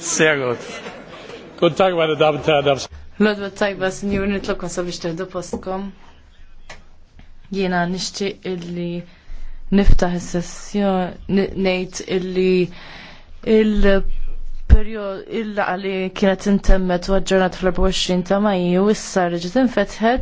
Sehr gut. Guten Tag, meine Damen und Herren. Lodwa tajba, signor, nitlokon sabiex teħdu postkom. Jena illi niftaħ is-sessjoni illi il periodu illa għali kienet intemmet u għagġornat fl-24 ta' Majju issa reġgħet infetħet